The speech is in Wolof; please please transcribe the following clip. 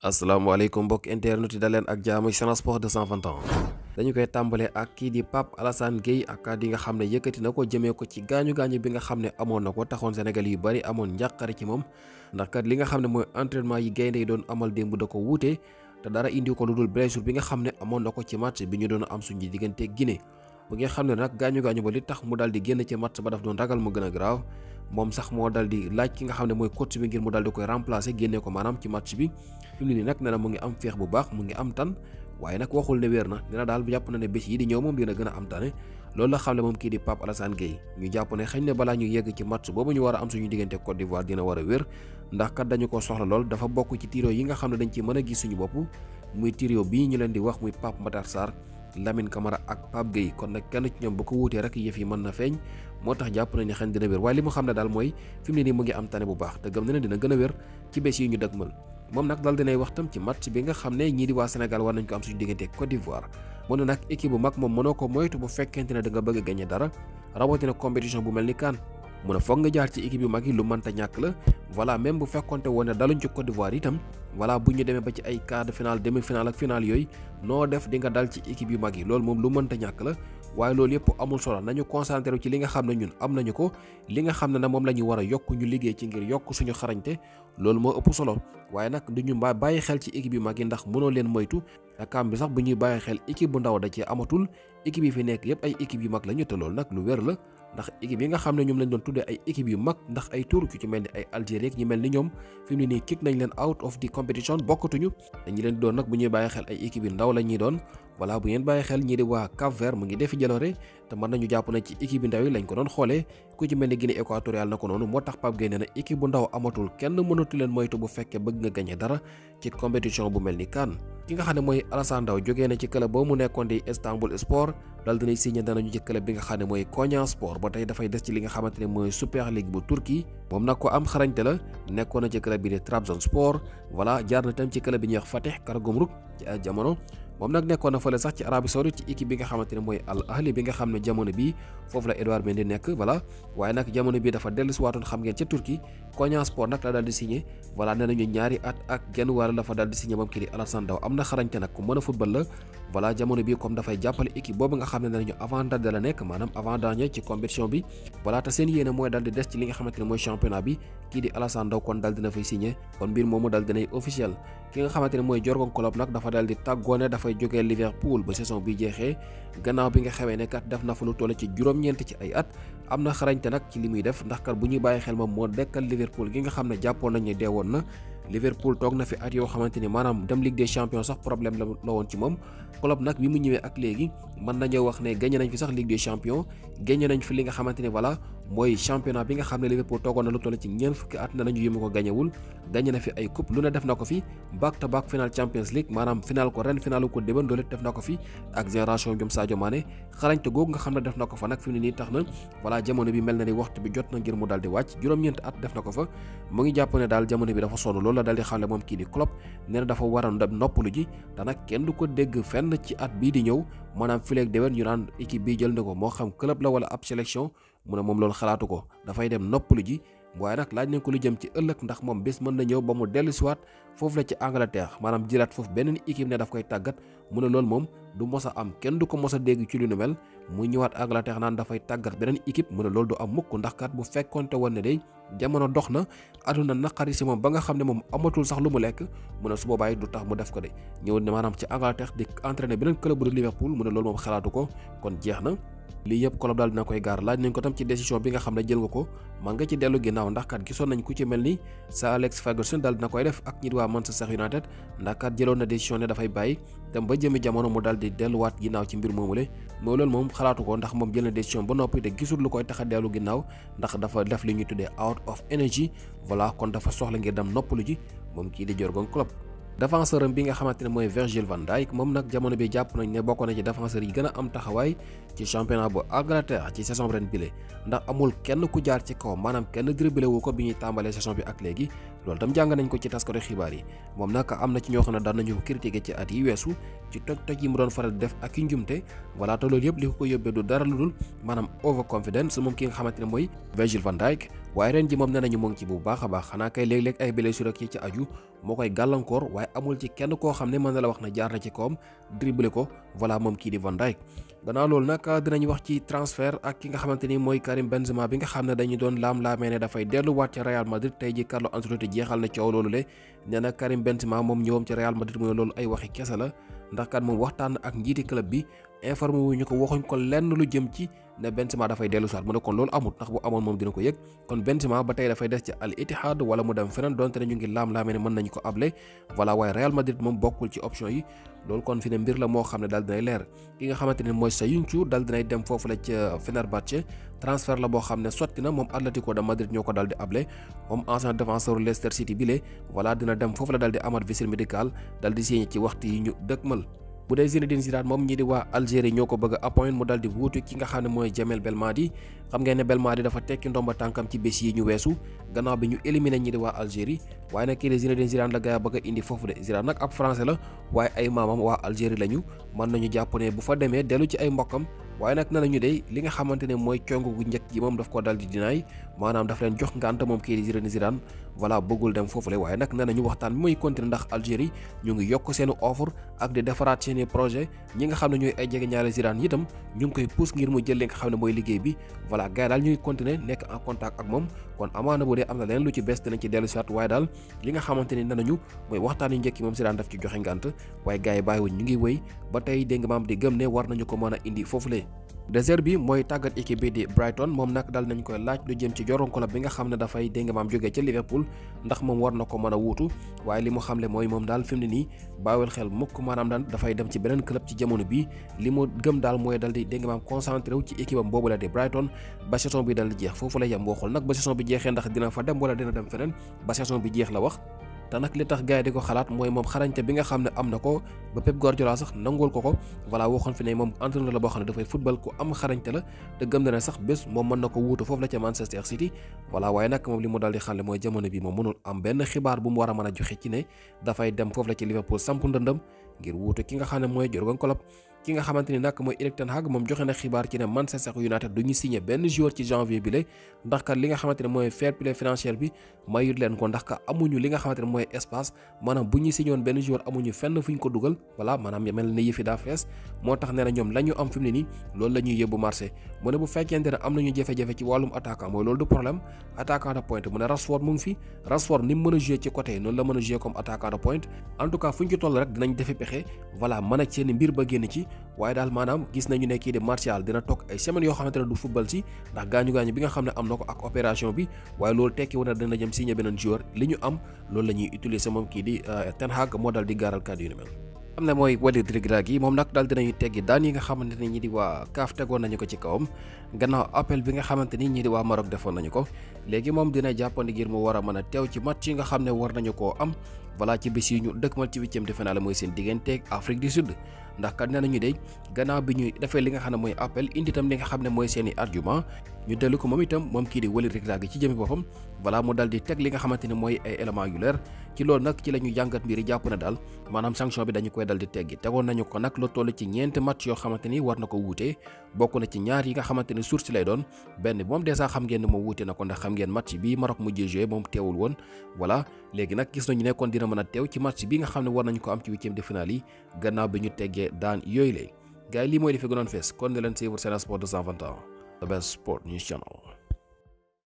Assalamualaikum Bok internet dalen ak jaamu Sen 220 ans dañu koy tambalé ak ki di pap Alassane Gueye ak ka di nga xamné yëkëti nako jëmé ko amon ci gañu gañu bi nga xamné amon nako taxone Sénégal yu bari amon ñakkar ci mom ndax kat li nga xamné moy entraînement yi doon amal dembu dako wuté wuute dara indi ko luddul amon blessure bi nga xamné amon nako ci match bi ñu doon am suñu digënté guiné bu nga xamné nak gañu gañu ba li tax mu daldi di génn ci match ba daf doon ragal mu gëna moom sax moo dal di laaj ki nga xam ne mooy coach bi ngir mu dal di koy remplacer génnee ko maanaam ci match bi fi mu nii nag nee na mu ngi am feex bu baax mu ngi am tan waaye nag waxul ne wér na nee na daal jàpp na ne bés yi di ñëw moom dina gën am tane loolu la xam ne moom kii di Pape Alassane Gueye ñu jàpp ne xëy na balaa ñu yegg ci match boobu ñu war a am suñu diggante Côte d'Ivoire dina war a wér ndax kat dañu ko soxla lool dafa bokk ci tiro yi nga xam ne dañ ci mën a gis suñu bopp muy tiro bii ñu leen di wax muy Pape Matar Sarr Lamine Camara ak Pape Gueye kon nag kenn ci bu ko wuutee rek yëf yi mën na feeñ moo tax jàpp nañ ne xëy dina wér waaye li mu xam ne daal mooy fi mu ne nii mu ngi am tane bu baax te gëm na ne dina gën wér ci bés yi ñu dëgmal moom nag daal dinay wax tam ci match bi nga xam ne ñii di waa Sénégal war nañ ko am suñu diggante Côte d'Ivoire mu ne nag équipe bu mag moom mënoo ko moytu bu fekkente ne da nga bëgg a gañe dara rawatina compétition bu mel ni CAN mu ne foog nga jaar ci équipe yu mag yi lu mënta ñàkk la voilà même bu fekkonte woon ne daluñ ci Côte d'Ivoire itam voilà bu ñu demee ba ci ay quart de finale demi finale ak finale yooyu noo def di nga dal ci équipe yu mag yi loolu moom lu mënta ñàkk la waaye loolu yëpp amul solo nañu concentré ci li nga xam ne ñun am nañu ko li nga xam ne na moom la ñu war a yokk ñu liggéey ci ngir yokk suñu xarañte loolu moo ëpp solo waaye nag du ñu bàyyi xel ci équipe yu mag yi ndax mënoo leen moytu te kaam bi sax bu ñuy bàyyi xel équipe bu ndaw da cee amatul équipe yi fi nekk yëpp ay équipe yu mag la ñu te loolu nag lu wér la ndax équipe yi nga xam ne ñoom lañ doon tuddee ay équipe yu mag ndax ay tur ci mel ni ay Algérie ak ñi mel ni ñoom fi ni ne nii kick nañ leen out of the competition bokkatuñu dañu leen doon nag bu ñuy bàyyi xel ay équipe yu ndaw la doon voilà bu ngeen bàyyi xel ñii di waa Cap Vert mu ngi defi jaloore te mën nañu jàpp na ci équipe bi ndaw yi lañ ko doon xoolee ku ci mel ni Guinée équatoriale na ko noonu moo tax Pape Gueye nee na équipe bu ndaw amatul kenn mënatu leen moytu bu fekkee bëgg nga gañe dara ci compétition bu mel ni CAN ki nga xam ne mooy Alassane Ndao jogee na ci club ba mu nekkoon di Istanbul Sport dal dinay signé nañu ci club bi nga xam ne mooy Konya Sport ba tey dafay des ci li nga xamante ne mooy Super League bu Turquie moom nag ko am xarañte la na ci club bi di Trabzonspor voilà jaar tam ci club bi ñuy wax Fatih Karagümrük ci ay jamono moom nag nekkoon na fële sax ci Arabie Saoudite ci équipe bi nga xamante mooy Al Ahli bi nga xam ne jamono bii foofu la Edouard Mendy nekk voilà waaye nag jamono bii dafa dellu signé voilà kii di Alassane am na xarañte nag ku mën a la voilà jamono bii comme dafay jàppale équipe boobu nga xam ne nee nañu avant date ci compétition bi voilà te seen yéene mooy daal des ci li nga xamante mooy championnat bi kii di Alassane kon daal dina fay signé kon mbir dafay jógee Liverpool ba saison bi jeexee gannaaw bi nga xamee ne kat na fa lu toll ci juróom-ñeent ci ay at am na xarañte nag ci li muy def ndax kat bu ñuy bàyyi xel moom moo dekkal Liverpool gi nga xam ne jàppoon nañ ne deewoon na. Liverpool toog na fi at yoo xamante ni maanaam dem Ligue des Champions sax problème la la woon ci moom Klopp nag bi mu ñëwee ak léegi mën nañoo wax ne gagné nañ fi sax Ligue des Champions gagné nañ fi li nga xamante ni mooy championnat bi nga xam ne Liverpool toogoon na lu toll ci ñeent fukki at na nañu yëmu ko gañewul gañe na fi ay coupe lu ne def na ko fi back to back final Champions League maanaam final ko ren finalu ko déban loolu def na ko fi ak génération ñoom Sadio Mané xarañte googu nga xam ne def na ko fa nag fi mu nii tax na voilà jamono bi mel na ni waxtu bi jot na ngir mu daal di wàcc juróom-ñeenti at def na ko fa mu ngi jàpp ne daal jamono bi dafa sonn loolu la daal di xamle moom kii di Klopp nee na dafa war a noppalu ji te kenn du ko dégg fenn ci at bii di ñëw maanaam fileeg déwén ñu naan équipe bi jël na ko moo xam club la wala ab sélection mu ne moom loolu xalaatu ko dafay dem noppalu ji waaye nag laaj nañ ko lu jëm ci ëllëg ndax moom bés mën na ñëw ba mu dellu siwaat foofu la ci Angleterre maanaam jëlaat foofu beneen équipe ne daf koy tàggat mu ne loolu moom du mos a am kenn du ko mos a dégg ci lu nu mel mu ñëwaat Angleterre naan dafay tàggat beneen équipe mu ne loolu du am mukk ndax kat bu fekkonte woon ne day jamono dox na àdduna naqari si moom ba nga xam ne moom amatul sax lu mu lekk mu ne su boobaay du tax mu def ko de ñëw ne maanaam ci Angleterre di entraîner beneen club bu Liverpool mu ne loolu moom xalaatu ko kon jeex na. lii yëpp Klopp daal dina koy gaar laaj nañ ko tam ci décision bi nga xam ne jël nga ko man nga ci dellu ginnaaw ndax kat gisoon nañ ku ci mel ni sa Alex Ferguson daal dina koy def ak ñit waa Manchester United ndax kat jëloon na décision ne dafay bàyyi dem ba jëmi jamono mu daal di delluwaat ginnaaw ci mbir moomule mooy loolu moom xalaatu ko ndax moom jël na décision ba noppi te gisul lu koy tax a dellu ginnaaw ndax dafa def li ñuy tuddee out of energy voilà kon dafa soxla ngir dem noppalu ji moom kii di Jurgen Klopp défenseur am bi nga xamante ne mooy Virgil van Dijk moom nag jamono bi jàpp nañ ne bokk na ci défenseur yi gën a am taxawaay ci championnat bu Angleterre ci saison ren bile ndax amul kenn ku jaar ci kaw maanaam kenn dribblé wu ko bi ñuy tàmbalee saison bi ak léegi loolu tam jàng nañ ko ci taskati xibaar yi moom nag am na ci ñoo xam ne daan nañu ko critiquer ci at yi weesu ci toj-toj yi mu doon faral def ak i njumte voilà te loolu li ko ko yóbbee du dara lu dul maanaam overconfidence moom ki nga xamante ne mooy Virgil van Dijk waaye ren ji moom nee nañu mu ngi ci bu baax a baax xanaa kay léeg-léeg ay blessure ak yi ci aju moo koy gàllankoor waaye amul ci kenn koo xam ne mën na la wax na jaar na ci kawam dribble ko voilà moom kii di van Dijk dana loolu nag dinañu wax ci transfert ak ki nga xamante ni mooy Karim Benzema bi nga xam ne dañu doon laam-laamee ne dafay delluwaat ca Real Madrid tey ji Carlo Ancelotti jeexal na coow loolu le nee na Karim Benzema moom ñëwam ci Real Madrid mu ne loolu ay waxi kese la ndax kat moom waxtaan ak njiiti club bi informé wu ñu ko waxuñ ko lenn lu jëm ci ne Benzema dafay dellu soit mu ne kon loolu amut ndax bu amoon moom dina ko yëg kon Benzema ba tey dafay des ci Al Ittihad wala mu dem feneen donte ne ngi laam-laamee ne mën nañu ko able voilà waaye Real Madrid moom bokkul ci option yi loolu kon fi ne mbir la moo xam ne daal dinay leer ki nga xamante ne mooy Sayuncu daal dinay dem foofu la ca Fenerbahçe transfert la boo xam ne sotti na moom Atlético de Madrid ñoo ko daal di able moom ancien défenseur Leicester City bi le voilà dina dem foofu la daal di amat visite di signé ci waxtu yi ñu bu dee Zinedine Zidane moom ñii di waa Algérie ñoo ko bëgg a appoint mu dal di wuutu ki nga xam ne mooy Jamel Belmadi xam ngeen ne Belmadi dafa tekki ndomba tànkam ci bés yi ñu weesu gannaaw bi ñu éliminé ñii di waa Algérie waaye nag kii di Zinedine Zidane la gaa bëgg a indi foofu de Zidane nag ab français la waaye ay maamam waa Algérie lañu mën nañu jàpp ne bu fa demee dellu ci ay mbokkam waaye nag na nañu dey li nga xamante ne mooy cong gu njëkk gi moom daf ko dal di dinaay maanaam daf leen jox ngànt moom kii di Zinedine voilà bëggul dem foofule waaye nag nee nañu waxtaan bi muy continuer ndax Algérie ñu ngi yokk seeni offre ak di defaraat seeni projet ñi nga xam ne ñooy ay jege ñaari Zidane itam ñu ngi koy pousse ngir mu jël li nga xam ne mooy liggéey bi voilà gars daal ñu ngi continuer nekk en contact ak moom kon amaana bu dee am na leneen lu ci bees dinañ ci dellu si waat waaye daal li nga xamante ne nee nañu mooy waxtaan yu njëkk yi moom Zidane daf ci joxe ngànt waaye gars yi bàyyiwuñ ñu ngi wéy ba tey dégg nga maam di gëm ne war nañu ko mën a indi foofulee désert bi mooy tàggat équipe bi di Brighton moom nag dal nañ koy laaj lu jëm ci joronko la bi nga xam ne dafay dégg maam jógee ca Liverpool ndax moom war na ko mën a wuutu waaye li mu xamle mooy moom daal fi mu ne nii bàyyiwul xel mukk maanaam daan dafay dem ci beneen club ci jamono bi li mu gëm daal mooy dal di dégg maam wu ci équipe am boobu la di Brighton ba saison bi dal di jeex foofu la yem boo xool nag ba saison bi jeexee ndax dina fa dem wala dina dem feneen ba saison bi la wax te nag li tax gars di ko xalaat mooy moom xarañte bi nga xam ne am na ko ba Pep Guardiola sax nangul ko ko voilà waxoon fi ne moom entraîneur la boo xam ne dafay football ku am xarañte la te gëm na ne sax bés moom mën na ko wuutu foofu la ca Manchester City voilà waaye nag moom li mu daal di xamle mooy jamono bi moom mënul am benn xibaar bu mu war a mën a joxe ci ne dafay dem foofu la ci Liverpool samp ndëndam ngir wuutu ki nga xam ne mooy Jurgen Klopp ki nga xamante ni mooy Erik ten moom joxe na xibaar ci ne Manchester United du ñu signé benn joueur ci janvier bi la ndax kat li nga xamante mooy fair play financier bi mayut leen ko ndax ka amuñu li nga xamante ne mooy espace maanaam bu ñu signé benn joueur amuñu fenn fu ñu ko dugal voilà maanaam mel na yëfi daa fees moo tax nee na ñoom la am fi mu nii loolu la ñuy yóbbu mu ne bu fekkente ne am nañu jafe-jafe ci wàllum attaquant mooy a jouer ci côté noonu la mën a jouer comme attaquant de pointe en tout cas fu ñu ci toll rek dinañ defi pexe voilà mën a waye dal manam gis nañu ne ki de Martial dina tok ay semaine yo xamantene du football ci ndax gañu gañu bi nga xamne am na ak operation bi waye lolou tekki wona dina jëm signé benen joueur li ñu am lolou lañuy utiliser mom ki di euh, Ten Hag mo dal di garal kàddu yu mel. am na mooy Walid Regragui moom nag daal dinañu teggi daan yi nga xamante ñi di wa kaf tego nañu ko ci kawam gannaaw appel bi nga xamante ñi di wa Maroc defoon nañu ko legi moom dina jàppandi gir mu wara mëna tew ci match yi nga xamne war nañu ko am wala ci bisi ñu dekkmal ci huitième de finale moy seen digganteeg Afrique du Sud ndax kat nee nañu de gannaaw bi ñuy defee li nga xam ne mooy appel indi li nga xam ne mooy seeni i ñu dellu ko moom itam moom kii di Waly Rick Dag ci jëmi boppam voilà mu dal di teg li nga xamante mooy ay yu leer ci loolu nag ci la ñu jàngat mbir yi jàpp na daal maanaam sanction bi dañu koy dal di tegoon nañu ko nag lu toll ci ñeent match yoo xamante ni war na ko wuute bokk na ci ñaar yi nga xamante ni source lay doon benn moom dèjà ne moom wuute na ko ndax xam ngeen match bi Maroc mujjee joué moom teewul woon voilà léegi nag gis nañu nekkoon dina mën a teew ci match bi nga xam ne war nañu ko am de finale yi gannaaw bi ñu teggee daan yooyu lay the best sport news channel.